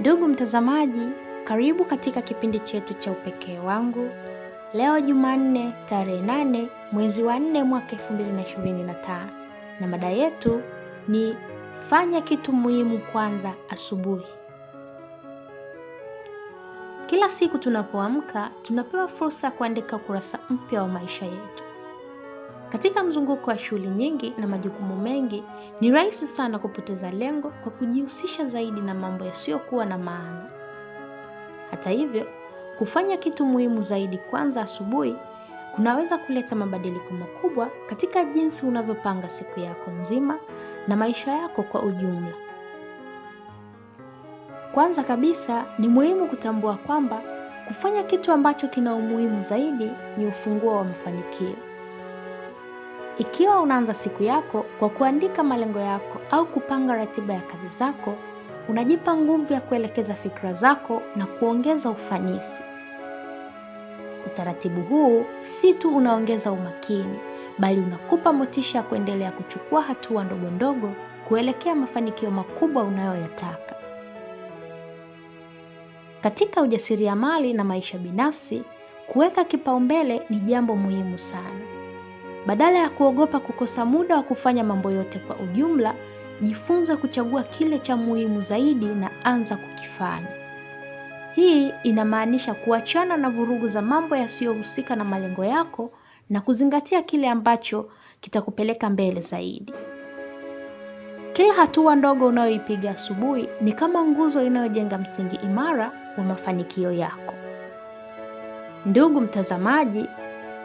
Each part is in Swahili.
Ndugu mtazamaji, karibu katika kipindi chetu cha Upekee wangu. Leo Jumanne tarehe 8 mwezi wa 4 mwaka tano na mada yetu ni fanya kitu muhimu kwanza asubuhi. Kila siku tunapoamka tunapewa fursa ya kuandika ukurasa mpya wa maisha yetu. Katika mzunguko wa shughuli nyingi na majukumu mengi, ni rahisi sana kupoteza lengo kwa kujihusisha zaidi na mambo yasiyokuwa na maana. Hata hivyo, kufanya kitu muhimu zaidi kwanza asubuhi kunaweza kuleta mabadiliko makubwa katika jinsi unavyopanga siku yako nzima na maisha yako kwa ujumla. Kwanza kabisa, ni muhimu kutambua kwamba kufanya kitu ambacho kina umuhimu zaidi ni ufunguo wa mafanikio. Ikiwa unaanza siku yako kwa kuandika malengo yako au kupanga ratiba ya kazi zako, unajipa nguvu ya kuelekeza fikra zako na kuongeza ufanisi. Utaratibu huu si tu unaongeza umakini, bali unakupa motisha ya kuendelea kuchukua hatua ndogo ndogo kuelekea mafanikio makubwa unayoyataka. Katika ujasiriamali na maisha binafsi, kuweka kipaumbele ni jambo muhimu sana. Badala ya kuogopa kukosa muda wa kufanya mambo yote kwa ujumla, jifunze kuchagua kile cha muhimu zaidi na anza kukifanya. Hii inamaanisha kuachana na vurugu za mambo yasiyohusika na malengo yako na kuzingatia kile ambacho kitakupeleka mbele zaidi. Kila hatua ndogo unayoipiga asubuhi ni kama nguzo inayojenga msingi imara wa mafanikio yako. Ndugu mtazamaji,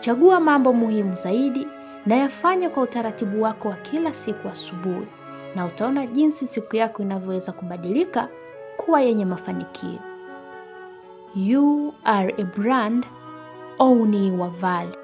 Chagua mambo muhimu zaidi na yafanye kwa utaratibu wako wa kila siku asubuhi, na utaona jinsi siku yako inavyoweza kubadilika kuwa yenye mafanikio. You are a brand, own your value.